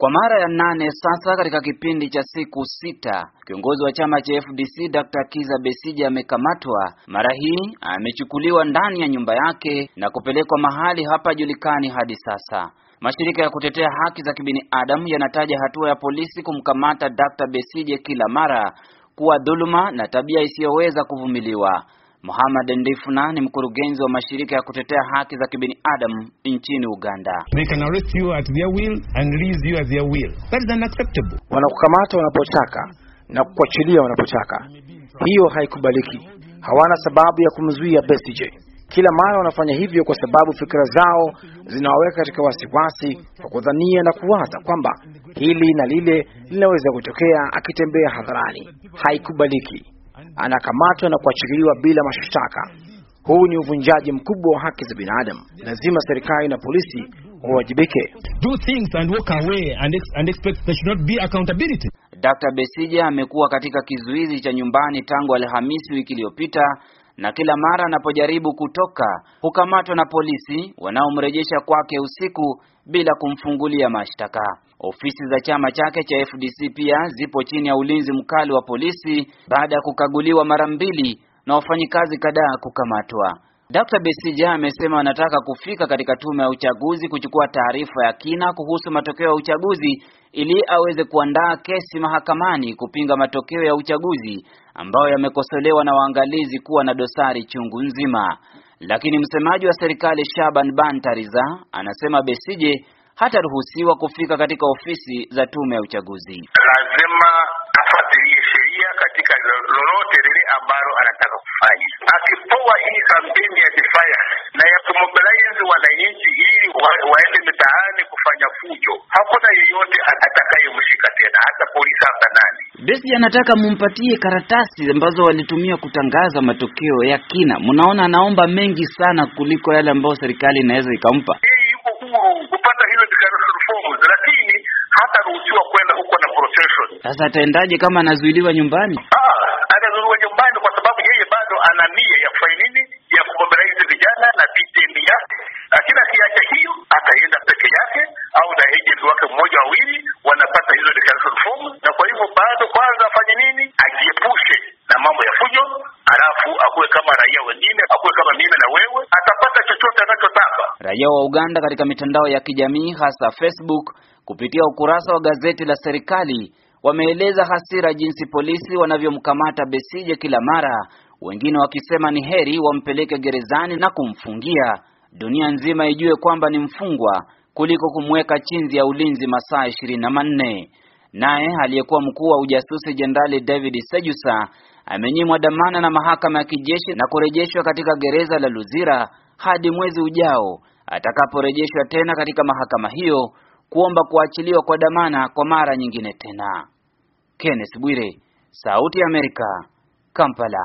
Kwa mara ya nane sasa katika kipindi cha siku sita, kiongozi wa chama cha FDC Dr. Kiza Besije amekamatwa. Mara hii amechukuliwa ndani ya nyumba yake na kupelekwa mahali hapajulikani hadi sasa. Mashirika ya kutetea haki za kibinadamu yanataja hatua ya polisi kumkamata Dr. Besije kila mara kuwa dhuluma na tabia isiyoweza kuvumiliwa. Muhammad Ndifuna ni mkurugenzi wa mashirika ya kutetea haki za kibinadamu nchini Uganda. Wanakukamata wanapotaka na kukuachilia wanapotaka, hiyo haikubaliki. Hawana sababu ya kumzuia Besigye. Kila mara wanafanya hivyo kwa sababu fikra zao zinawaweka katika wasiwasi kwa kudhania na kuwaza kwamba hili na lile linaweza kutokea akitembea hadharani. Haikubaliki anakamatwa na kuachiliwa bila mashtaka. Huu ni uvunjaji mkubwa wa haki za binadamu. Lazima serikali na polisi wawajibike. Dr. Besija amekuwa katika kizuizi cha nyumbani tangu Alhamisi wiki iliyopita na kila mara anapojaribu kutoka hukamatwa na polisi wanaomrejesha kwake usiku bila kumfungulia mashtaka. Ofisi za chama chake cha FDC pia zipo chini ya ulinzi mkali wa polisi baada ya kukaguliwa mara mbili na wafanyikazi kadhaa kukamatwa. Dkt. Besigye amesema anataka kufika katika tume ya uchaguzi kuchukua taarifa ya kina kuhusu matokeo ya uchaguzi ili aweze kuandaa kesi mahakamani kupinga matokeo ya uchaguzi ambayo yamekosolewa na waangalizi kuwa na dosari chungu nzima. Lakini msemaji wa serikali Shaban Bantariza anasema Besigye hataruhusiwa kufika katika ofisi za tume ya uchaguzi. Lazima afuatilie sheria katika lolote lile ambalo anataka kufanya. Akipoa hii Besi anataka mumpatie karatasi ambazo walitumia kutangaza matokeo ya kina. Mnaona, anaomba mengi sana kuliko yale ambayo serikali inaweza ikampa. Yeye yuko huru kupata hilo forms, lakini hata ruhusiwa kwenda huko na procession. Sasa ataendaje kama anazuiliwa nyumbani? Ah, anazuiliwa nyumbani kwa sababu yeye bado ana nia ya kufanya nini, ya kumobilize vijana na BJP yake, lakini akiacha hiyo ataenda peke yake au na agent wake mmoja wawili, wanapata hizo declaration forms na kwa hivyo raia wengine akuwe kama mimi na wewe, atapata chochote anachotaka. Raia wa Uganda katika mitandao ya kijamii hasa Facebook kupitia ukurasa wa gazeti la serikali wameeleza hasira jinsi polisi wanavyomkamata Besije kila mara, wengine wakisema ni heri wampeleke gerezani na kumfungia. Dunia nzima ijue kwamba ni mfungwa kuliko kumweka chini ya ulinzi masaa ishirini na manne. Naye aliyekuwa mkuu wa ujasusi Jenerali David Sejusa amenyimwa dhamana na mahakama ya kijeshi na kurejeshwa katika gereza la Luzira hadi mwezi ujao atakaporejeshwa tena katika mahakama hiyo kuomba kuachiliwa kwa dhamana kwa mara nyingine tena. Kenneth Bwire, Sauti ya Amerika, Kampala.